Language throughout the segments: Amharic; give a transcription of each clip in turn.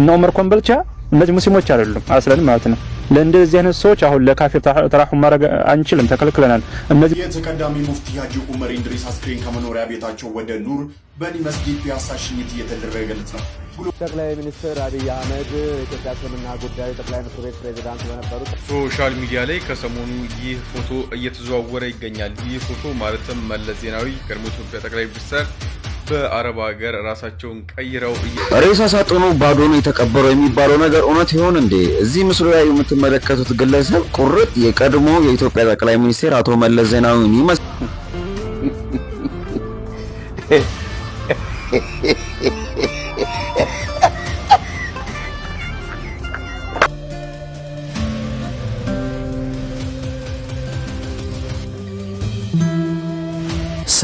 እና ዑመር ኮምበልቻ እነዚህ ሙስሊሞች አይደሉም አስለን ማለት ነው። ለእንደዚህ አይነት ሰዎች አሁን ለካፊር ተራሁ ማድረግ አንችልም፣ ተከልክለናል። እነዚህ የተቀዳሚ ሙፍቲ ሀጂ ዑመር ኢድሪስ አስክሬን ከመኖሪያ ቤታቸው ወደ ኑር በኒ መስጊድ ፒያሳ ሽኝት እየተደረገለት ነው። ጠቅላይ ሚኒስትር አብይ አህመድ የኢትዮጵያ እስልምና ጉዳይ ጠቅላይ ምክር ቤት ፕሬዚዳንት በነበሩት ሶሻል ሚዲያ ላይ ከሰሞኑ ይህ ፎቶ እየተዘዋወረ ይገኛል። ይህ ፎቶ ማለትም መለስ ዜናዊ ቀድሞ ኢትዮጵያ ጠቅላይ ሚኒስትር በአረብ ሀገር ራሳቸውን ቀይረው ሬሳ ሳጥኑ ባዶ ነው የተቀበረው የሚባለው ነገር እውነት ይሆን እንዴ? እዚህ ምስሉ ላይ የምትመለከቱት ግለሰብ ቁርጥ የቀድሞ የኢትዮጵያ ጠቅላይ ሚኒስቴር አቶ መለስ ዜናዊን ይመስላል።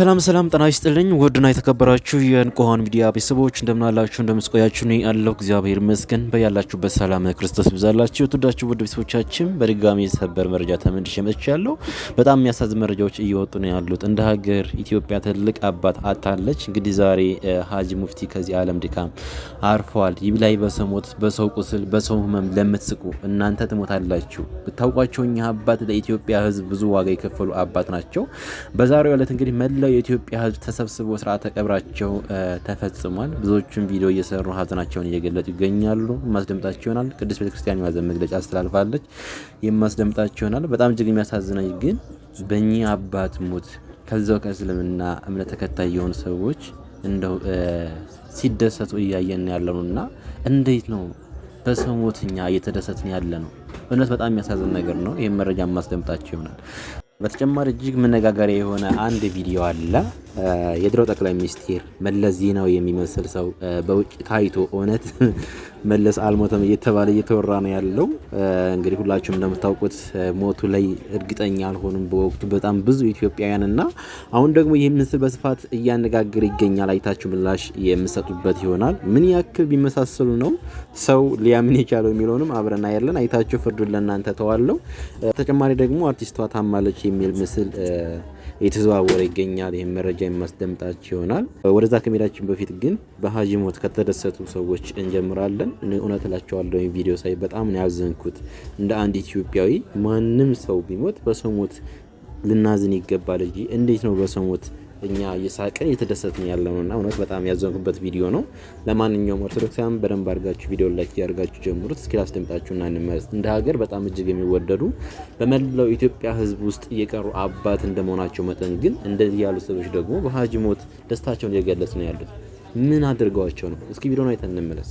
ሰላም ሰላም ጤና ይስጥልኝ ውድና የተከበራችሁ የንቁሃን ሚዲያ ቤተሰቦች እንደምናላችሁ እንደምስቆያችሁ ነ ያለው እግዚአብሔር ይመስገን። በያላችሁበት ሰላም ክርስቶስ ይብዛላችሁ። የትወዳችሁ ውድ ቤተሰቦቻችን በድጋሚ የሰበር መረጃ ተመልሼ መጥቻለሁ። በጣም የሚያሳዝን መረጃዎች እየወጡ ነው ያሉት። እንደ ሀገር ኢትዮጵያ ትልቅ አባት አታለች። እንግዲህ ዛሬ ሀጂ ሙፍቲ ከዚህ ዓለም ድካም አርፈዋል። ይብላኝ በሰሞት በሰው ቁስል በሰው ህመም ለምትስቁ እናንተ ትሞታላችሁ። ብታውቋቸው እኚህ አባት ለኢትዮጵያ ህዝብ ብዙ ዋጋ የከፈሉ አባት ናቸው። በዛሬው ዕለት እንግዲህ መላው የኢትዮጵያ ህዝብ ተሰብስቦ ስርዓተ ቀብራቸው ተፈጽሟል። ብዙዎቹም ቪዲዮ እየሰሩ ሀዘናቸውን እየገለጹ ይገኛሉ። የማስደምጣቸው ይሆናል። ቅዱስ ቤተክርስቲያን የማዘን መግለጫ አስተላልፋለች። የማስደምጣቸው ይሆናል። በጣም እጅግ የሚያሳዝነኝ ግን በእኚህ አባት ሞት ከዛው ከእስልምና እምነት ተከታይ የሆኑ ሰዎች እንደው ሲደሰቱ እያየን ያለ እና እንዴት ነው በሰው ሞት እኛ እየተደሰትን ያለ ነው? እውነት በጣም የሚያሳዝን ነገር ነው። ይህም መረጃ የማስደምጣቸው ይሆናል። በተጨማሪ እጅግ መነጋገሪያ የሆነ አንድ ቪዲዮ አለ። የድሮ ጠቅላይ ሚኒስትር መለስ ዜናዊ የሚመስል ሰው በውጭ ታይቶ እውነት መለስ አልሞተም እየተባለ እየተወራ ነው ያለው። እንግዲህ ሁላችሁም እንደምታውቁት ሞቱ ላይ እርግጠኛ አልሆኑም በወቅቱ በጣም ብዙ ኢትዮጵያውያን እና አሁን ደግሞ ይህ ምስል በስፋት እያነጋገረ ይገኛል። አይታችሁ ምላሽ የምሰጡበት ይሆናል። ምን ያክል ቢመሳሰሉ ነው ሰው ሊያምን የቻለው የሚለውንም አብረና ያለን አይታችሁ ፍርዱን ለእናንተ ተዋለው። ተጨማሪ ደግሞ አርቲስቷ ታማለች የሚል ምስል የተዘዋወረ ይገኛል። ይህም መረጃ የማስደምጣች ይሆናል። ወደዛ ከመሄዳችን በፊት ግን በሀጂ ሞት ከተደሰቱ ሰዎች እንጀምራለን። እውነት እላቸዋለሁ ቪዲዮ ሳይ በጣም ነው ያዘንኩት። እንደ አንድ ኢትዮጵያዊ ማንም ሰው ቢሞት በሰው ሞት ልናዝን ይገባል እንጂ እንዴት ነው በሰው ሞት እኛ እየሳቀን እየተደሰትን እና እውነት በጣም ያዘንኩበት ቪዲዮ ነው። ለማንኛውም ኦርቶዶክሳውያን በደንብ አድርጋችሁ ቪዲዮ ላይክ ያደርጋችሁ ጀምሩት። እስኪ ላስደምጣችሁ እና እንመለስ። እንደ ሀገር በጣም እጅግ የሚወደዱ በመላው ኢትዮጵያ ሕዝብ ውስጥ እየቀሩ አባት እንደመሆናቸው መጠን ግን እንደዚህ ያሉ ሰዎች ደግሞ በሀጅ ሞት ደስታቸውን እየገለጽ ነው ያሉት። ምን አድርገዋቸው ነው? እስኪ ቪዲዮን አይተን እንመለስ።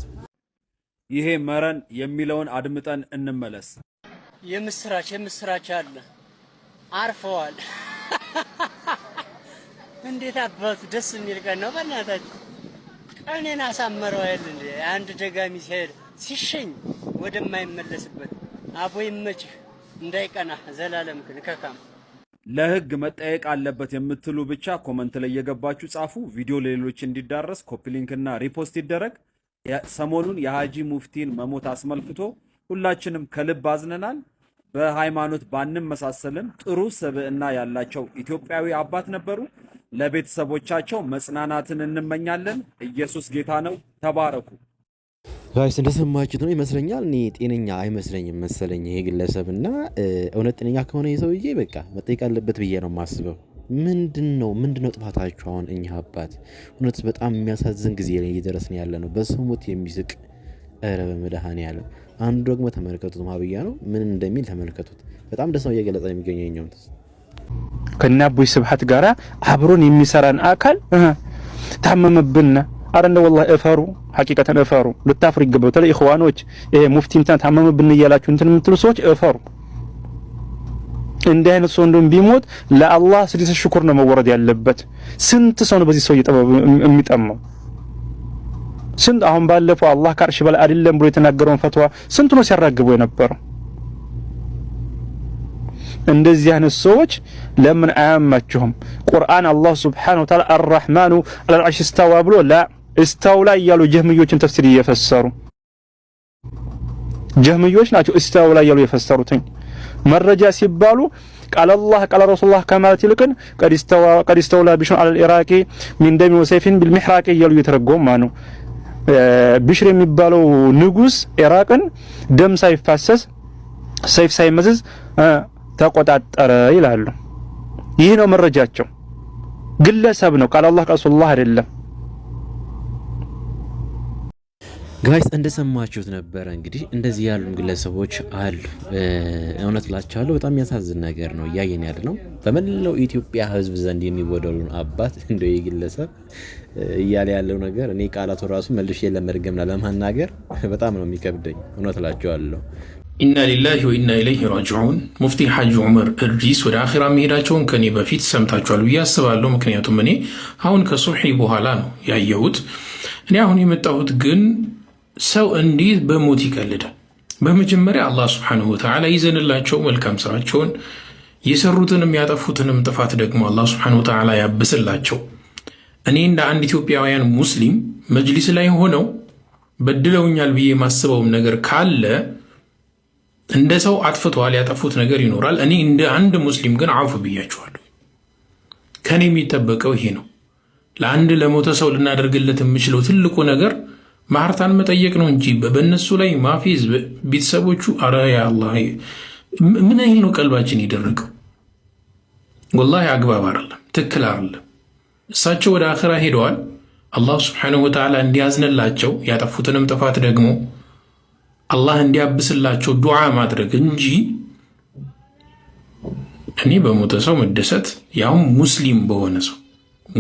ይሄ መረን የሚለውን አድምጠን እንመለስ። የምስራች የምስራች አለ አርፈዋል እንዴት አባቱ ደስ የሚል ቀን ነው። በእናታችሁ ቀኔን አሳመረው አይደል እንዴ? አንድ ደጋሚ ሲሄድ ሲሸኝ ወደማይመለስበት አቦ ይመችህ፣ እንዳይቀና ዘላለም ግን ከካም ለህግ መጠየቅ አለበት የምትሉ ብቻ ኮመንት ላይ የገባችሁ ጻፉ። ቪዲዮ ለሌሎች እንዲዳረስ ኮፒ ሊንክ እና ሪፖስት ይደረግ። ሰሞኑን የሀጂ ሙፍቲን መሞት አስመልክቶ ሁላችንም ከልብ አዝነናል። በሃይማኖት ባንመሳሰልም ጥሩ ስብዕና ያላቸው ኢትዮጵያዊ አባት ነበሩ። ለቤተሰቦቻቸው መጽናናትን እንመኛለን። ኢየሱስ ጌታ ነው። ተባረኩ። ጋይስ እንደሰማችሁት ነው ይመስለኛል። እኔ ጤነኛ አይመስለኝም መሰለኝ ይሄ ግለሰብ እና እውነት ጤነኛ ከሆነ የሰውዬ በቃ መጠየቅ አለበት ብዬ ነው የማስበው። ምንድን ነው ምንድን ነው ጥፋታችሁ? አሁን እኛ አባት እውነት በጣም የሚያሳዝን ጊዜ ላይ እየደረስን ያለ ነው። በስሙት የሚስቅ ረ በመድኃኔዓለም አንዱ ደግሞ ተመልከቱት፣ ማብያ ነው ምን እንደሚል ተመልከቱት። በጣም ደስ ነው እየገለጸ የሚገኘኛው ከናቦይ ስብሐት ጋራ አብሮን የሚሰራን አካል ታመመብና አረ እንደው ወላሂ እፈሩ፣ ሐቂቀተን እፈሩ። ልታፍሩ ይገባ። በተለይ ኢኽዋኖች ይሄ ሙፍቲ እንትን ታመመብን እያላችሁ እንትን የምትሉ ሰዎች እፈሩ። እንዲህ አይነት ሰው እንደውም ቢሞት ለአላህ ስድስት ሽኩር ነው መወረድ ያለበት። ስንት ሰው ነው በዚህ ሰው የሚጠማው? ስንት አሁን ባለፈው አላህ ከአርሽ በላይ አይደለም ብሎ የተናገረውን ፈትዋ ስንት ነው ሲያራግበው የነበረው? እንደዚህ አይነት ሰዎች ለምን አያማችሁም? ቁርአን አላህ ሱብሓነሁ ወተዓላ አርራህማኑ ዐለል ዐርሽ እስተዋ ብሎ ላ እስተውላ እያሉ ጀህምዮችን ተፍሲር እየፈሰሩ ጀህምዮች ናቸው እስተውላ እያሉ የፈሰሩትኝ መረጃ ሲባሉ ቃል አላህ ቃል ረሱሉላህ ከማለት ይልቅን ቀድ እስተውላ ቢሽሩን ዐለል ኢራቂ ሚን ደሚን ወሰይፊን ቢልሚሕራቂ እያሉ እየተረጎሙ ነው። ቢሽር የሚባለው ንጉሥ ኢራቅን ደም ሳይፋሰስ ሰይፍ ሳይመዝዝ ተቆጣጠረ ይላሉ። ይህ ነው መረጃቸው። ግለሰብ ነው ቃል አላህ ቃል ረሱሉላህ አይደለም። ጋይስ እንደሰማችሁት ነበረ። እንግዲህ እንደዚህ ያሉ ግለሰቦች አሉ። እውነት ላችኋለሁ፣ በጣም የሚያሳዝን ነገር ነው እያየን ያለ ነው። በመላው ኢትዮጵያ ሕዝብ ዘንድ የሚወደሉን አባት እንደ ግለሰብ እያለ ያለው ነገር እኔ ቃላቱ ራሱ መልሼ ለመድገምና ለማናገር በጣም ነው የሚከብደኝ። እውነት ላችኋለሁ። ኢና ሊላሂ ወኢና ኢለይሂ ራጅዑን። ሙፍቲ ሐጂ ዑመር እድሪስ ወደ አኼራ መሄዳቸውን ከኔ በፊት ሰምታችኋል ብዬ አስባለሁ። ምክንያቱም እኔ አሁን ከሱብሒ በኋላ ነው ያየሁት። እኔ አሁን የመጣሁት ግን ሰው እንዴት በሞት ይቀልዳል? በመጀመሪያ አላህ ስብሓነሁ ወተዓላ ይዘንላቸው መልካም ስራቸውን የሰሩትንም ያጠፉትንም ጥፋት ደግሞ አላህ ስብሓነሁ ወተዓላ ያብስላቸው። እኔ እንደ አንድ ኢትዮጵያውያን ሙስሊም መጅሊስ ላይ ሆነው በድለውኛል ብዬ የማስበውም ነገር ካለ እንደ ሰው አጥፍተዋል፣ ያጠፉት ነገር ይኖራል። እኔ እንደ አንድ ሙስሊም ግን አፉ ብያችኋለሁ። ከኔ የሚጠበቀው ይሄ ነው። ለአንድ ለሞተ ሰው ልናደርግለት የምችለው ትልቁ ነገር ማህርታን መጠየቅ ነው እንጂ በነሱ ላይ ማፌዝ፣ ቤተሰቦቹ አረ ያአላህ ምን ያህል ነው ቀልባችን የደረገው? ወላሂ አግባብ አይደለም፣ ትክክል አይደለም። እሳቸው ወደ አኸራ ሄደዋል። አላህ ሱብሓነሁ ወተዓላ እንዲያዝንላቸው ያጠፉትንም ጥፋት ደግሞ አላህ እንዲያብስላቸው ዱዓ ማድረግ እንጂ እኔ በሞተ ሰው መደሰት ያውም ሙስሊም በሆነ ሰው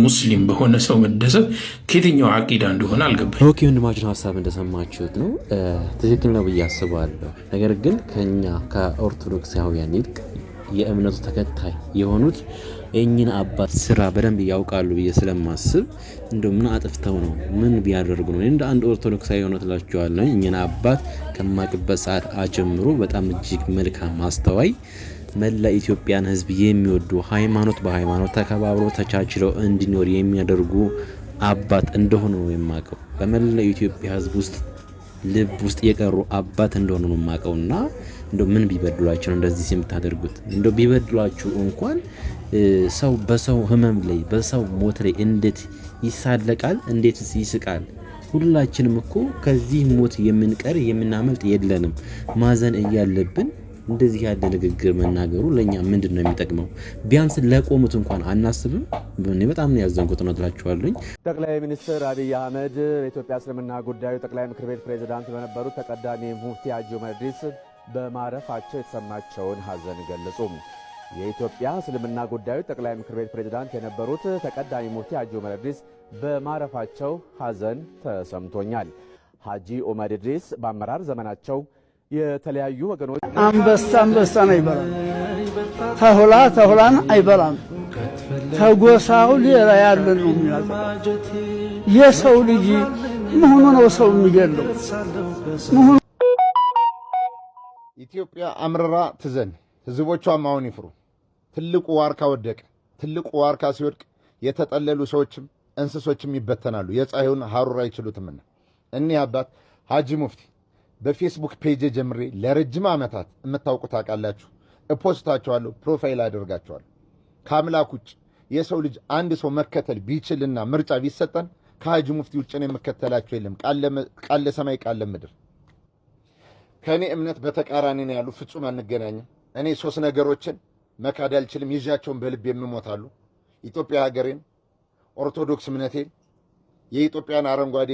ሙስሊም በሆነ ሰው መደሰት ከየትኛው አቂዳ እንደሆነ አልገባኝ። ኦኬ ወንድማችን ሀሳብ እንደሰማችሁት ነው፣ ትክክል ነው ብዬ አስባለሁ። ነገር ግን ከኛ ከኦርቶዶክሳውያን ይልቅ የእምነቱ ተከታይ የሆኑት የእኝን አባት ስራ በደንብ ያውቃሉ ብዬ ስለማስብ እንደ ምን አጥፍተው ነው ምን ቢያደርጉ ነው? እንደ አንድ ኦርቶዶክሳዊ እውነት እላቸዋለሁ። እኝን አባት ከማቅበት ሰዓት አጀምሮ በጣም እጅግ መልካም አስተዋይ መላ ኢትዮጵያን ህዝብ የሚወዱ ሃይማኖት በሃይማኖት ተከባብሮ ተቻችለው እንዲኖር የሚያደርጉ አባት እንደሆኑ ነው የማውቀው። በመላ ኢትዮጵያ ህዝብ ውስጥ ልብ ውስጥ የቀሩ አባት እንደሆኑ ነው እና እንደ ምን ቢበድሏቸው ነው እንደዚህ የምታደርጉት? እንደ ቢበድሏችሁ እንኳን ሰው በሰው ህመም ላይ በሰው ሞት ላይ እንዴት ይሳለቃል? እንዴትስ ይስቃል? ሁላችንም እኮ ከዚህ ሞት የምንቀር የምናመልጥ የለንም። ማዘን እያለብን እንደዚህ ያለ ንግግር መናገሩ ለእኛ ምንድን ነው የሚጠቅመው? ቢያንስ ለቆሙት እንኳን አናስብም? እኔ በጣም ነው ያዘንኩት ነው ትላችኋለኝ። ጠቅላይ ሚኒስትር አብይ አህመድ በኢትዮጵያ እስልምና ጉዳዩ ጠቅላይ ምክር ቤት ፕሬዚዳንት በነበሩት ተቀዳሚ ሙፍቲ ሐጂ ዑመር ኢድሪስ በማረፋቸው የተሰማቸውን ሀዘን ገለጹ። የኢትዮጵያ እስልምና ጉዳዩ ጠቅላይ ምክር ቤት ፕሬዚዳንት የነበሩት ተቀዳሚ ሙፍቲ ሐጂ ዑመር ኢድሪስ በማረፋቸው ሀዘን ተሰምቶኛል። ሐጂ ዑመር ኢድሪስ በአመራር ዘመናቸው የተለያዩ ወገኖች አንበሳ አንበሳን አይበላም፣ ተሁላ ተሁላን አይበላም፣ ተጎሳው ሌላ ያለ ነው የሚያጠቃው። የሰው ልጅ መሆኑ ነው ሰው የሚገለው መሆኑ። ኢትዮጵያ አምርራ ትዘን፣ ህዝቦቿም አሁን ይፍሩ። ትልቁ ዋርካ ወደቀ። ትልቁ ዋርካ ሲወድቅ የተጠለሉ ሰዎችም እንስሶችም ይበተናሉ፣ የፀሐዩን ሐሩር አይችሉትምና። እኒህ አባት ሐጂ ሙፍቲ በፌስቡክ ፔጅ ጀምሬ ለረጅም ዓመታት የምታውቁ ታውቃላችሁ። እፖስታቸዋለሁ፣ ፕሮፋይል አደርጋቸዋለሁ። ከአምላክ ውጭ የሰው ልጅ አንድ ሰው መከተል ቢችልና ምርጫ ቢሰጠን ከሀጅ ሙፍቲ ውጭ ነው የምከተላቸው የለም። ቃለ ሰማይ ቃለ ምድር። ከእኔ እምነት በተቃራኒ ነው ያሉ ፍጹም አንገናኝም። እኔ ሶስት ነገሮችን መካድ አልችልም፣ ይዣቸውን በልብ የምሞታሉ። ኢትዮጵያ ሀገሬን፣ ኦርቶዶክስ እምነቴን፣ የኢትዮጵያን አረንጓዴ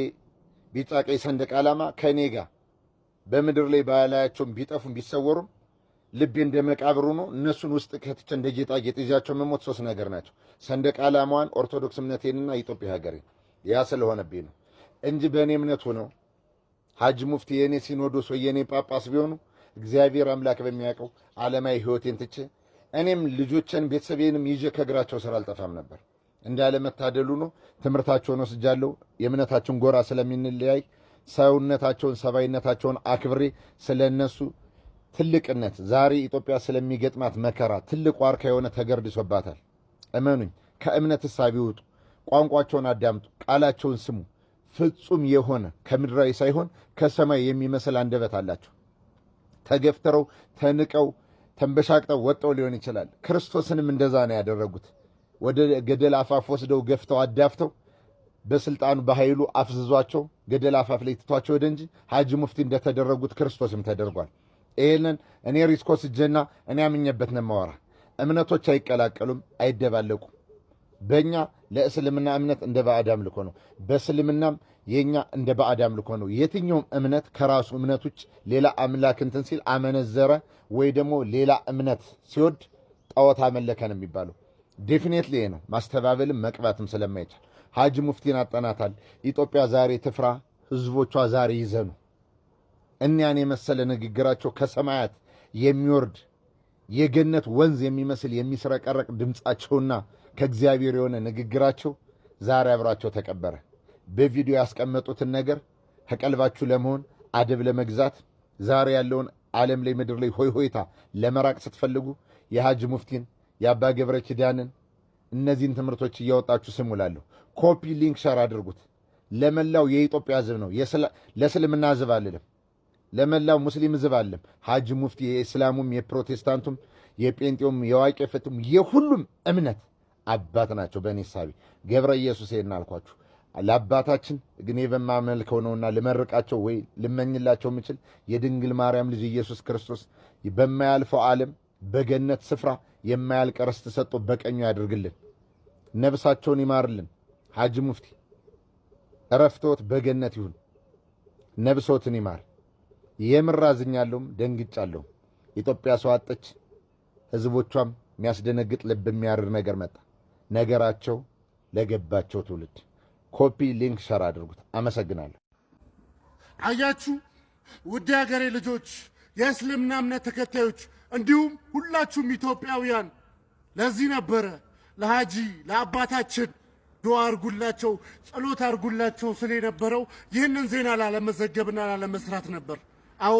ቢጫ ቀይ ሰንደቅ ዓላማ ከእኔ ጋር በምድር ላይ ባላያቸውም ቢጠፉም ቢሰወሩም ልቤ እንደ መቃብሩ ነው። እነሱን ውስጥ ከትቼ እንደ ጌጣጌጥ ይዣቸው መሞት ሶስት ነገር ናቸው። ሰንደቅ ዓላማዋን፣ ኦርቶዶክስ እምነቴንና ኢትዮጵያ ሀገሬን። ያ ስለሆነብኝ ነው እንጂ በእኔ እምነት ሆነው ሀጅ ሙፍቲ የእኔ ሲኖዶስ ወይ የእኔ ጳጳስ ቢሆኑ እግዚአብሔር አምላክ በሚያውቀው ዓለማዊ ሕይወቴን ትቼ እኔም ልጆቼን ቤተሰቤንም ይዤ ከእግራቸው ስራ አልጠፋም ነበር። እንዳለመታደሉ ነው። ትምህርታቸውን ወስጃለሁ። የእምነታችን ጎራ ስለሚንለያይ ሰውነታቸውን ሰብአዊነታቸውን አክብሬ ስለ እነሱ ትልቅነት ዛሬ ኢትዮጵያ ስለሚገጥማት መከራ ትልቅ ዋርካ የሆነ ተገርድሶባታል። እመኑኝ፣ ከእምነትስ ቢወጡ ቋንቋቸውን አዳምጡ፣ ቃላቸውን ስሙ። ፍጹም የሆነ ከምድራዊ ሳይሆን ከሰማይ የሚመስል አንደበት አላቸው። ተገፍተረው ተንቀው ተንበሻቅጠው ወጠው ሊሆን ይችላል። ክርስቶስንም እንደዛ ነው ያደረጉት። ወደ ገደል አፋፍ ወስደው ገፍተው አዳፍተው በስልጣኑ በኃይሉ አፍዝዟቸው ገደል አፋፍ ላይ ትቷቸው ወደ እንጂ ሀጂ ሙፍቲ እንደተደረጉት ክርስቶስም ተደርጓል። ይህንን እኔ ሪስኮ ስጀና እኔ ያምኘበት ነው የማወራ። እምነቶች አይቀላቀሉም፣ አይደባለቁ በእኛ ለእስልምና እምነት እንደ ባዕድ አምልኮ ነው፣ በእስልምናም የእኛ እንደ ባዕድ አምልኮ ነው። የትኛውም እምነት ከራሱ እምነት ውጭ ሌላ አምላክ እንትን ሲል አመነዘረ ወይ ደግሞ ሌላ እምነት ሲወድ ጣዖት አመለከ ነው የሚባለው። ዴፊኔትሊ ነው ማስተባበልም መቅባትም ስለማይቻል ሀጅ ሙፍቲን አጠናታል። ኢትዮጵያ ዛሬ ትፍራ፣ ህዝቦቿ ዛሬ ይዘኑ። እኒያን የመሰለ ንግግራቸው ከሰማያት የሚወርድ የገነት ወንዝ የሚመስል የሚስረቀረቅ ድምፃቸውና ከእግዚአብሔር የሆነ ንግግራቸው ዛሬ አብራቸው ተቀበረ። በቪዲዮ ያስቀመጡትን ነገር ከቀልባችሁ ለመሆን አደብ ለመግዛት ዛሬ ያለውን ዓለም ላይ ምድር ላይ ሆይ ሆይታ ለመራቅ ስትፈልጉ የሀጅ ሙፍቲን የአባ ገብረ ኪዳንን እነዚህን ትምህርቶች እያወጣችሁ ስሙ እላለሁ። ኮፒ ሊንክ ሸር አድርጉት። ለመላው የኢትዮጵያ ህዝብ ነው። ለእስልምና ህዝብ አልልም፣ ለመላው ሙስሊም ህዝብ አልልም። ሀጅ ሙፍቲ የእስላሙም፣ የፕሮቴስታንቱም፣ የጴንጤውም፣ የዋቄ ፍትም የሁሉም እምነት አባት ናቸው። በእኔ ሳቢ ገብረ ኢየሱስ እናልኳችሁ ለአባታችን እኔ በማመልከው ነውና ልመርቃቸው ወይ ልመኝላቸው የምችል የድንግል ማርያም ልጅ ኢየሱስ ክርስቶስ በማያልፈው ዓለም በገነት ስፍራ የማያልቅ ርስት ሰጥቶ በቀኙ ያድርግልን። ነብሳቸውን ይማርልን። ሐጂ ሙፍቲ እረፍቶት በገነት ይሁን። ነብሶትን ይማር። የምር አዝኛለሁም ደንግጫለሁም። ኢትዮጵያ ሰው አጠች፣ ሕዝቦቿም የሚያስደነግጥ ልብ የሚያርር ነገር መጣ። ነገራቸው ለገባቸው ትውልድ ኮፒ ሊንክ ሸር አድርጉት። አመሰግናለሁ። አያችሁ ውድ ሀገሬ ልጆች፣ የእስልምና እምነት ተከታዮች እንዲሁም ሁላችሁም ኢትዮጵያውያን ለዚህ ነበረ ለሀጂ ለአባታችን ዱዓ አርጉላቸው፣ ጸሎት አርጉላቸው ስለ የነበረው ይህንን ዜና ላለመዘገብና ላለመስራት ነበር። አዎ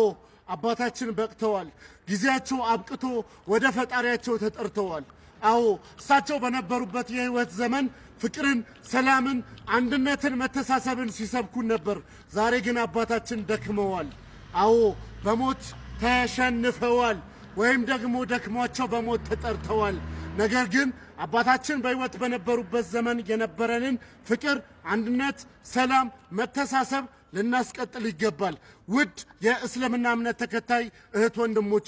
አባታችን በቅተዋል። ጊዜያቸው አብቅቶ ወደ ፈጣሪያቸው ተጠርተዋል። አዎ እሳቸው በነበሩበት የህይወት ዘመን ፍቅርን፣ ሰላምን፣ አንድነትን፣ መተሳሰብን ሲሰብኩን ነበር። ዛሬ ግን አባታችን ደክመዋል። አዎ በሞት ተሸንፈዋል። ወይም ደግሞ ደክሟቸው በሞት ተጠርተዋል። ነገር ግን አባታችን በሕይወት በነበሩበት ዘመን የነበረንን ፍቅር፣ አንድነት፣ ሰላም፣ መተሳሰብ ልናስቀጥል ይገባል። ውድ የእስልምና እምነት ተከታይ እህት ወንድሞቼ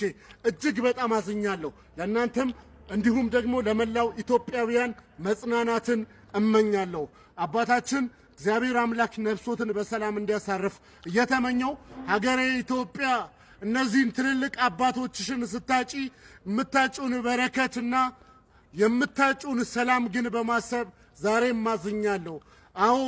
እጅግ በጣም አዝኛለሁ። ለእናንተም እንዲሁም ደግሞ ለመላው ኢትዮጵያውያን መጽናናትን እመኛለሁ። አባታችን እግዚአብሔር አምላክ ነፍሶትን በሰላም እንዲያሳርፍ እየተመኘው ሀገሬ ኢትዮጵያ እነዚህን ትልልቅ አባቶችሽን ስታጪ የምታጩን በረከትና የምታጩን ሰላም ግን በማሰብ ዛሬም ማዝኛለሁ። አዎ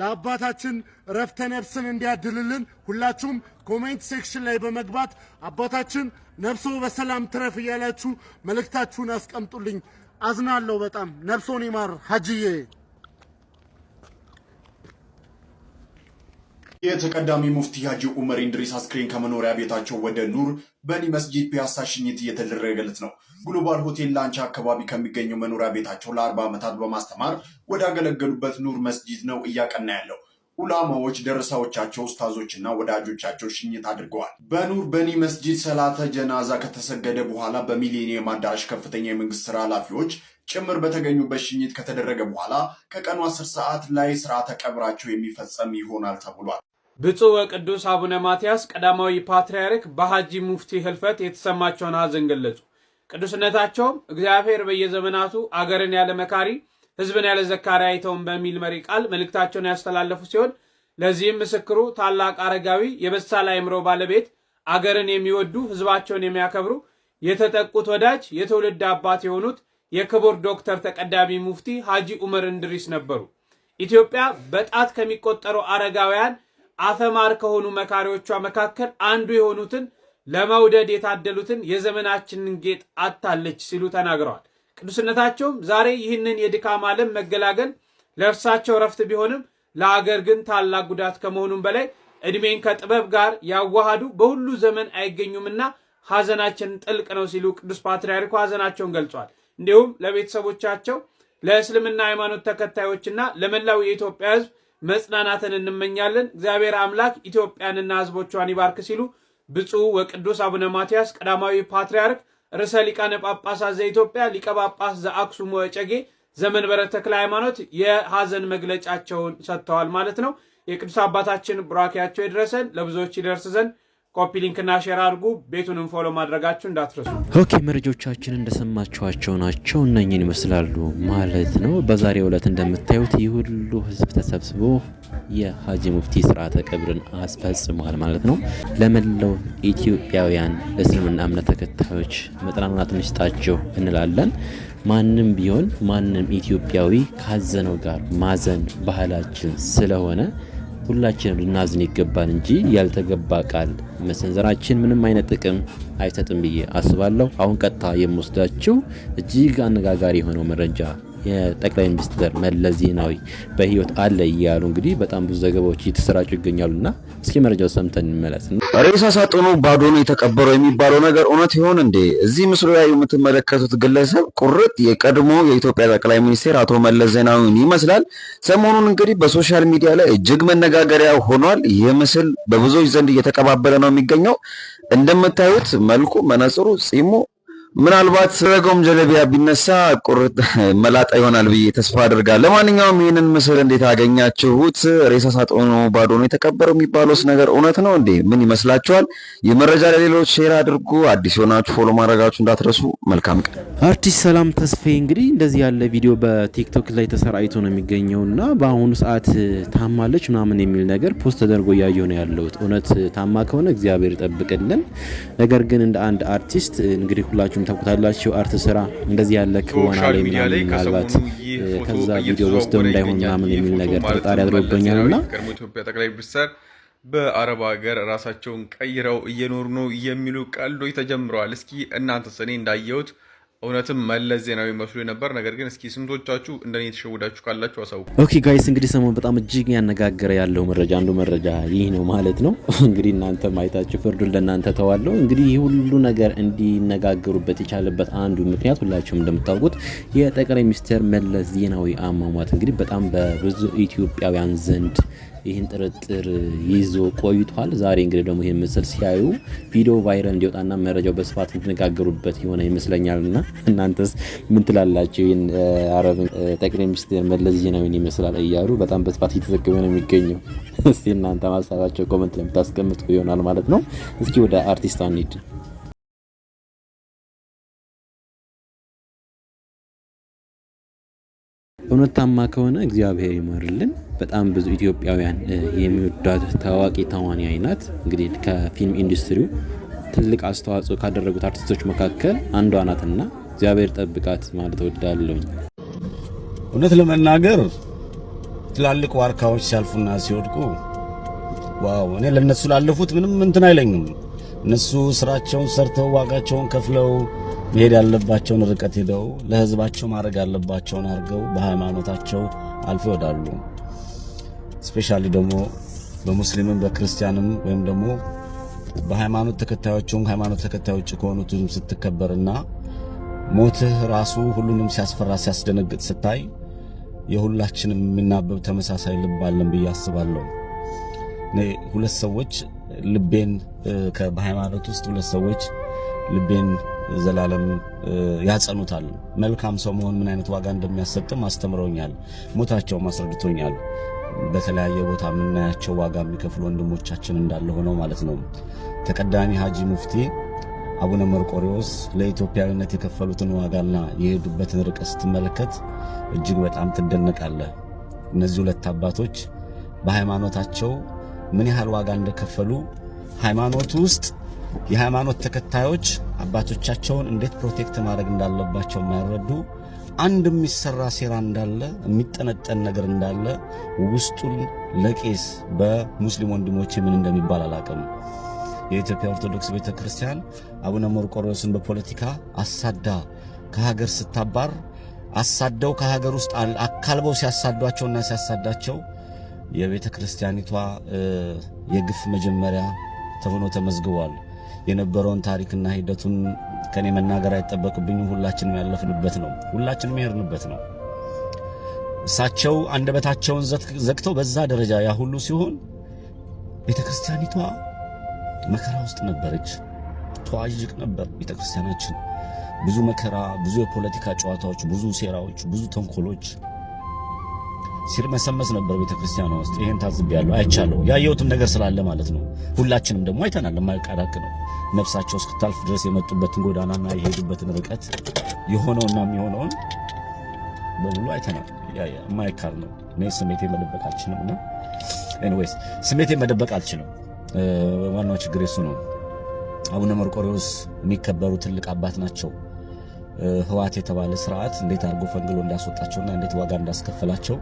ለአባታችን ረፍተ ነፍስን እንዲያድልልን ሁላችሁም ኮሜንት ሴክሽን ላይ በመግባት አባታችን ነፍሶ በሰላም ትረፍ እያላችሁ መልእክታችሁን አስቀምጡልኝ። አዝናለሁ በጣም ነፍሶን ይማር ሀጅዬ የተቀዳሚ ሙፍቲ ሀጂ ኡመር ኢንድሪስ አስክሬን ከመኖሪያ ቤታቸው ወደ ኑር በኒ መስጂድ ፒያሳ ሽኝት እየተደረገለት ነው። ግሎባል ሆቴል ላንቻ አካባቢ ከሚገኘው መኖሪያ ቤታቸው ለአርባ ዓመታት በማስተማር ወዳገለገሉበት ኑር መስጂድ ነው እያቀና ያለው። ኡላማዎች፣ ደረሳዎቻቸው፣ ኡስታዞችና ወዳጆቻቸው ሽኝት አድርገዋል። በኑር በኒ መስጂድ ሰላተ ጀናዛ ከተሰገደ በኋላ በሚሊኒየም አዳራሽ ከፍተኛ የመንግስት ስራ ኃላፊዎች ጭምር በተገኙበት ሽኝት ከተደረገ በኋላ ከቀኑ አስር ሰዓት ላይ ስርዓተ ቀብራቸው የሚፈጸም ይሆናል ተብሏል። ብፁዕ ወቅዱስ አቡነ ማትያስ ቀዳማዊ ፓትርያርክ በሐጂ ሙፍቲ ህልፈት የተሰማቸውን ሐዘን ገለጹ። ቅዱስነታቸውም እግዚአብሔር በየዘመናቱ አገርን ያለ መካሪ ህዝብን ያለ ዘካሪ አይተውን በሚል መሪ ቃል መልእክታቸውን ያስተላለፉ ሲሆን ለዚህም ምስክሩ ታላቅ አረጋዊ፣ የበሳል አእምሮ ባለቤት፣ አገርን የሚወዱ ህዝባቸውን የሚያከብሩ የተጠቁት ወዳጅ፣ የትውልድ አባት የሆኑት የክቡር ዶክተር ተቀዳሚ ሙፍቲ ሐጂ ዑመር እንድሪስ ነበሩ። ኢትዮጵያ በጣት ከሚቆጠሩ አረጋውያን አፈማር ከሆኑ መካሪዎቿ መካከል አንዱ የሆኑትን ለመውደድ የታደሉትን የዘመናችንን ጌጥ አታለች ሲሉ ተናግረዋል። ቅዱስነታቸውም ዛሬ ይህንን የድካም ዓለም መገላገል ለእርሳቸው ረፍት ቢሆንም ለአገር ግን ታላቅ ጉዳት ከመሆኑም በላይ ዕድሜን ከጥበብ ጋር ያዋሃዱ በሁሉ ዘመን አይገኙምና ሐዘናችን ጥልቅ ነው ሲሉ ቅዱስ ፓትርያርኩ ሐዘናቸውን ገልጿል። እንዲሁም ለቤተሰቦቻቸው፣ ለእስልምና ሃይማኖት ተከታዮችና ለመላው የኢትዮጵያ ሕዝብ መጽናናትን እንመኛለን። እግዚአብሔር አምላክ ኢትዮጵያንና ሕዝቦቿን ይባርክ ሲሉ ብፁዕ ወቅዱስ አቡነ ማትያስ ቀዳማዊ ፓትርያርክ ርዕሰ ሊቃነ ጳጳሳት ዘኢትዮጵያ ሊቀ ጳጳስ ዘአክሱም ወጨጌ ዘመንበረ ተክለ ሃይማኖት የሐዘን መግለጫቸውን ሰጥተዋል ማለት ነው። የቅዱስ አባታችን ቡራኪያቸው ይድረሰን ለብዙዎች ይደርስ ዘንድ ኮፒ ሊንክና ሼር አድርጉ። ቤቱንም ፎሎ ማድረጋችሁ እንዳትረሱ። ኦኬ መረጃዎቻችን እንደሰማችኋቸው ናቸው። እነኝን ይመስላሉ ማለት ነው። በዛሬው ዕለት እንደምታዩት ይህ ሁሉ ህዝብ ተሰብስቦ የሀጂ ሙፍቲ ስርዓተ ቀብርን አስፈጽሟል ማለት ነው። ለመላው ኢትዮጵያውያን እስልምና እምነት ተከታዮች መጽናናትን ይስጣቸው እንላለን። ማንም ቢሆን ማንም ኢትዮጵያዊ ካዘነው ጋር ማዘን ባህላችን ስለሆነ ሁላችንም ልናዝን ይገባል እንጂ ያልተገባ ቃል መሰንዘራችን ምንም አይነት ጥቅም አይሰጥም ብዬ አስባለሁ። አሁን ቀጥታ የምወስዳችው እጅግ አነጋጋሪ የሆነው መረጃ የጠቅላይ ሚኒስትር መለስ ዜናዊ በህይወት አለ እያሉ እንግዲህ በጣም ብዙ ዘገባዎች እየተሰራጩ ይገኛሉና እስኪ መረጃው ሰምተን እንመለስ። ሬሳ ሳጥኑ ባዶ ነው የተቀበረው የሚባለው ነገር እውነት ይሆን እንዴ? እዚህ ምስሉ ላይ የምትመለከቱት ግለሰብ ቁርጥ የቀድሞ የኢትዮጵያ ጠቅላይ ሚኒስቴር አቶ መለስ ዜናዊን ይመስላል። ሰሞኑን እንግዲህ በሶሻል ሚዲያ ላይ እጅግ መነጋገሪያ ሆኗል። ይህ ምስል በብዙዎች ዘንድ እየተቀባበለ ነው የሚገኘው። እንደምታዩት መልኩ፣ መነጽሩ፣ ጺሙ ምናልባት ረጎም ጀለቢያ ቢነሳ ቁርጥ መላጣ ይሆናል ብዬ ተስፋ አድርጋለሁ። ለማንኛውም ይህንን ምስል እንዴት አገኛችሁት? ሬሳ ሳጥኑ ባዶ ነው የተቀበረው የሚባለውስ ነገር እውነት ነው እንዴ? ምን ይመስላችኋል? የመረጃ ለሌሎች ሼር አድርጉ። አዲስ የሆናችሁ ፎሎ ማድረጋችሁ እንዳትረሱ። መልካም ቀን። አርቲስት ሰላም ተስፋዬ እንግዲህ እንደዚህ ያለ ቪዲዮ በቲክቶክ ላይ ተሰራይቶ ነው የሚገኘው እና በአሁኑ ሰዓት ታማለች ምናምን የሚል ነገር ፖስት ተደርጎ እያየሁ ነው ያለሁት። እውነት ታማ ከሆነ እግዚአብሔር ይጠብቅልን። ነገር ግን እንደ አንድ አርቲስት እንግዲህ ሁላችሁ ሁላችሁም ታውቁታላችሁ። አርት ስራ እንደዚህ ያለ ክወና ላይ ምናምን ምናልባት ከዛ ቪዲዮ ወስደው እንዳይሆን ምናምን የሚል ነገር ጥርጣሬ አድሮብኛል እና ኢትዮጵያ ጠቅላይ ሚኒስትር በአረብ ሀገር ራሳቸውን ቀይረው እየኖሩ ነው የሚሉ ቀልዶች ተጀምረዋል። እስኪ እናንተስ እኔ እንዳየሁት እውነትም መለስ ዜናዊ መስሎ ነበር። ነገር ግን እስኪ ስንቶቻችሁ እንደኔ የተሸወዳችሁ ካላችሁ አሳውቁ። ኦኬ ጋይስ እንግዲህ ሰሞን በጣም እጅግ ያነጋገረ ያለው መረጃ አንዱ መረጃ ይህ ነው ማለት ነው። እንግዲህ እናንተ ማየታችሁ ፍርዱን ለእናንተ ተዋለው። እንግዲህ ይህ ሁሉ ነገር እንዲነጋገሩበት የቻለበት አንዱ ምክንያት ሁላችሁም እንደምታውቁት የጠቅላይ ሚኒስትር መለስ ዜናዊ አሟሟት እንግዲህ በጣም በብዙ ኢትዮጵያውያን ዘንድ ይህን ጥርጥር ይዞ ቆይቷል። ዛሬ እንግዲህ ደግሞ ይህን ምስል ሲያዩ ቪዲዮ ቫይረል እንዲወጣና መረጃው በስፋት እንድነጋገሩበት የሆነ ይመስለኛል እና እናንተስ ምን ትላላችሁ? ይህን አረብ ጠቅላይ ሚኒስትር መለስ ዜናዊን ይመስላል እያሉ በጣም በስፋት እየተዘገበ ነው የሚገኘው። እስቲ እናንተ ማሳባቸው ኮመንት ላይ የምታስቀምጡ ይሆናል ማለት ነው። እስኪ ወደ አርቲስት አንሂድ እውነታማ ከሆነ እግዚአብሔር ይማርልን። በጣም ብዙ ኢትዮጵያውያን የሚወዳት ታዋቂ ተዋናይ ናት። እንግዲህ ከፊልም ኢንዱስትሪው ትልቅ አስተዋጽኦ ካደረጉት አርቲስቶች መካከል አንዷ ናትና እግዚአብሔር ጠብቃት ማለት እወዳለሁኝ። እውነት ለመናገር ትላልቅ ዋርካዎች ሲያልፉና ሲወድቁ ዋው! እኔ ለነሱ ላለፉት ምንም እንትን አይለኝም። እነሱ ስራቸውን ሰርተው ዋጋቸውን ከፍለው መሄድ ያለባቸውን ርቀት ሄደው ለህዝባቸው ማድረግ ያለባቸውን አድርገው በሃይማኖታቸው አልፎ ይወዳሉ። ስፔሻሊ ደግሞ በሙስሊምም በክርስቲያንም ወይም ደግሞ በሃይማኖት ተከታዮችም ሃይማኖት ተከታዮች ከሆኑትም ስትከበርና ሞትህ ራሱ ሁሉንም ሲያስፈራ ሲያስደነግጥ ስታይ የሁላችንም የሚናበብ ተመሳሳይ ልብ አለን ብዬ አስባለሁ። እኔ ሁለት ሰዎች ልቤን በሃይማኖት ውስጥ ሁለት ሰዎች ልቤን ዘላለም ያጸኑታል። መልካም ሰው መሆን ምን አይነት ዋጋ እንደሚያሰጥም አስተምረውኛል፣ ሞታቸውም አስረድቶኛል። በተለያየ ቦታ የምናያቸው ዋጋ የሚከፍሉ ወንድሞቻችን እንዳለ ሆነው ማለት ነው። ተቀዳሚ ሀጂ ሙፍቲ አቡነ መርቆሪዎስ ለኢትዮጵያዊነት የከፈሉትን ዋጋና የሄዱበትን ርቀት ስትመለከት እጅግ በጣም ትደነቃለህ። እነዚህ ሁለት አባቶች በሃይማኖታቸው ምን ያህል ዋጋ እንደከፈሉ ሃይማኖት ውስጥ የሃይማኖት ተከታዮች አባቶቻቸውን እንዴት ፕሮቴክት ማድረግ እንዳለባቸው የማይረዱ አንድ የሚሰራ ሴራ እንዳለ የሚጠነጠን ነገር እንዳለ ውስጡን ለቄስ በሙስሊም ወንድሞች ምን እንደሚባል አላቅም። የኢትዮጵያ ኦርቶዶክስ ቤተ ክርስቲያን አቡነ መርቆሬዎስን በፖለቲካ አሳዳ ከሀገር ስታባር አሳደው ከሀገር ውስጥ አካልበው ሲያሳዷቸውና ሲያሳዳቸው የቤተ ክርስቲያኒቷ የግፍ መጀመሪያ ተብሎ ተመዝግቧል። የነበረውን ታሪክና ሂደቱን ከኔ መናገር አይጠበቅብኝም። ሁላችንም ያለፍንበት ነው። ሁላችንም የሄድንበት ነው። እሳቸው አንደበታቸውን ዘግተው በዛ ደረጃ ያ ሁሉ ሲሆን ቤተ ክርስቲያኒቷ መከራ ውስጥ ነበረች። ተዋዥቅ ነበር ቤተ ክርስቲያናችን። ብዙ መከራ፣ ብዙ የፖለቲካ ጨዋታዎች፣ ብዙ ሴራዎች፣ ብዙ ተንኮሎች ሲርመሰመስ ነበር ቤተክርስቲያኗ ውስጥ። ይሄን ታዝቤያለሁ፣ አይቻለሁ። ያየሁትም ነገር ስላለ ማለት ነው። ሁላችንም ደግሞ አይተናል። የማይቃዳቅ ነው። ነፍሳቸው እስክታልፍ ድረስ የመጡበትን ጎዳናና የሄዱበትን ርቀት የሆነውና የሚሆነውን በሙሉ አይተናል። የማይካር ነው። እኔ ስሜቴ መደበቅ አልችልም እና ኤኒዌይስ ስሜቴ መደበቅ አልችልም። ዋናው ችግር የሱ ነው። አቡነ መርቆሬዎስ የሚከበሩ ትልቅ አባት ናቸው። ህዋት የተባለ ስርዓት እንዴት አድርጎ ፈንግሎ እንዳስወጣቸውና እንዴት ዋጋ እንዳስከፈላቸው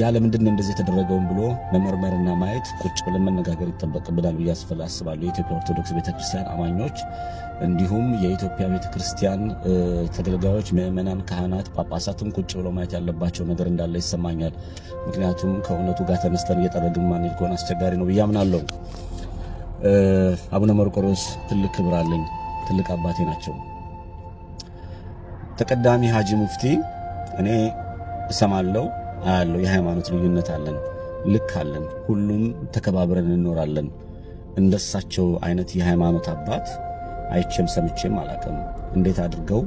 ያለ ምንድን ነው እንደዚህ የተደረገውን ብሎ መመርመርና ማየት ቁጭ ብለን መነጋገር ይጠበቅብናል ብዬ አስባለሁ። የኢትዮጵያ ኦርቶዶክስ ቤተክርስቲያን አማኞች እንዲሁም የኢትዮጵያ ቤተክርስቲያን ተገልጋዮች፣ ምዕመናን፣ ካህናት፣ ጳጳሳትም ቁጭ ብሎ ማየት ያለባቸው ነገር እንዳለ ይሰማኛል። ምክንያቱም ከእውነቱ ጋር ተነስተን እየጠረግን ማንሄድ ከሆነ አስቸጋሪ ነው ብዬ አምናለሁ። አቡነ መርቆሮስ ትልቅ ክብር አለኝ። ትልቅ አባቴ ናቸው። ተቀዳሚ ሀጂ ሙፍቲ እኔ እሰማለሁ አያለው። የሃይማኖት ልዩነት አለን፣ ልክ አለን። ሁሉም ተከባብረን እንኖራለን። እንደሳቸው አይነት የሃይማኖት አባት አይቼም ሰምቼም አላቀም እንዴት አድርገው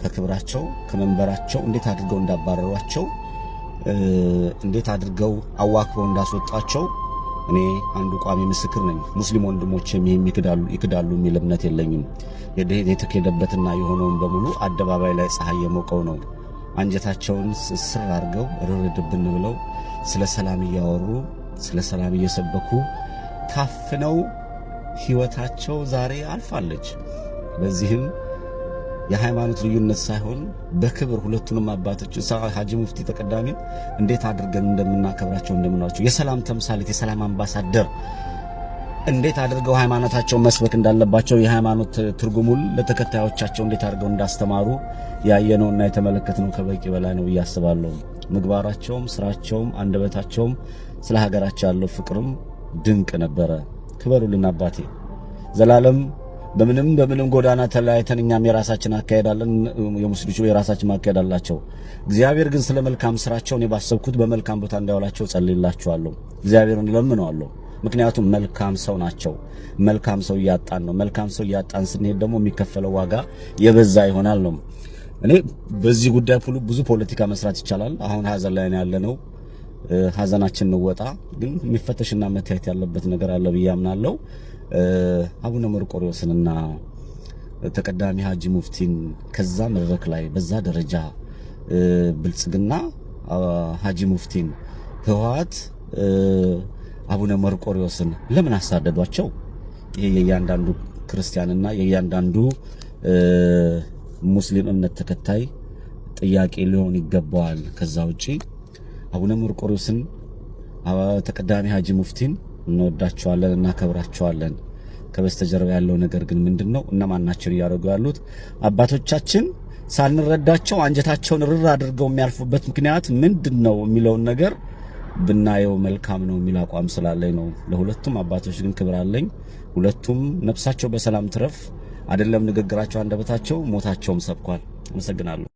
ከክብራቸው ከመንበራቸው እንዴት አድርገው እንዳባረሯቸው እንዴት አድርገው አዋክበው እንዳስወጣቸው እኔ አንዱ ቋሚ ምስክር ነኝ። ሙስሊም ወንድሞቼም ይህም ይክዳሉ የሚል እምነት የለኝም። የተካሄደበትና የሆነውን በሙሉ አደባባይ ላይ ፀሐይ የሞቀው ነው። አንጀታቸውን ስስር አድርገው ርርድብን ብለው ስለ ሰላም እያወሩ ስለ ሰላም እየሰበኩ ታፍነው ሕይወታቸው ዛሬ አልፋለች። በዚህም የሃይማኖት ልዩነት ሳይሆን በክብር ሁለቱንም አባቶች ሀጂ ሙፍቲ ተቀዳሚ እንዴት አድርገን እንደምናከብራቸው እንደምናቸው የሰላም ተምሳሌት የሰላም አምባሳደር እንዴት አድርገው ሃይማኖታቸውን መስበክ እንዳለባቸው የሃይማኖት ትርጉሙን ለተከታዮቻቸው እንዴት አድርገው እንዳስተማሩ ያየነውና የተመለከትነው ከበቂ በላይ ነው ብዬ አስባለሁ። ምግባራቸውም፣ ስራቸውም፣ አንደበታቸውም ስለ ሀገራቸው ያለው ፍቅርም ድንቅ ነበረ። ክበሩልን አባቴ ዘላለም። በምንም በምንም ጎዳና ተለያይተን እኛም የራሳችን አካሄዳለን፣ የሙስሊቹ የራሳችን ማካሄድ አላቸው። እግዚአብሔር ግን ስለ መልካም ስራቸው እኔ ባሰብኩት በመልካም ቦታ እንዳይውላቸው ጸልይላቸዋለሁ። እግዚአብሔርን ለምነዋለሁ። ምክንያቱም መልካም ሰው ናቸው። መልካም ሰው እያጣን ነው። መልካም ሰው እያጣን ስንሄድ ደግሞ የሚከፈለው ዋጋ የበዛ ይሆናል ነው። እኔ በዚህ ጉዳይ ብዙ ፖለቲካ መስራት ይቻላል። አሁን ሀዘን ላይ ያለ ነው። ሀዘናችን እንወጣ። ግን የሚፈተሽና መታየት ያለበት ነገር አለ ብዬ አምናለሁ። አቡነ መርቆሪዎስንና ተቀዳሚ ሀጂ ሙፍቲን ከዛ መድረክ ላይ በዛ ደረጃ ብልጽግና ሀጂ ሙፍቲን ህወሓት አቡነ መርቆሪዎስን ለምን አሳደዷቸው? ይሄ የእያንዳንዱ ክርስቲያንና የእያንዳንዱ ሙስሊም እምነት ተከታይ ጥያቄ ሊሆን ይገባዋል። ከዛ ውጪ አቡነ መርቆሪዎስን ተቀዳሚ ሀጂ ሙፍቲን እንወዳቸዋለን፣ እናከብራቸዋለን። ከበስተጀርባ ያለው ነገር ግን ምንድን ነው? እነማን ናቸው እያደረጉ ያሉት? አባቶቻችን ሳንረዳቸው አንጀታቸውን ርር አድርገው የሚያልፉበት ምክንያት ምንድን ነው የሚለውን ነገር ብናየው መልካም ነው የሚል አቋም ስላለኝ ነው። ለሁለቱም አባቶች ግን ክብር አለኝ። ሁለቱም ነፍሳቸው በሰላም ትረፍ። አይደለም ንግግራቸው አንደበታቸው ሞታቸውም ሰብኳል። አመሰግናለሁ።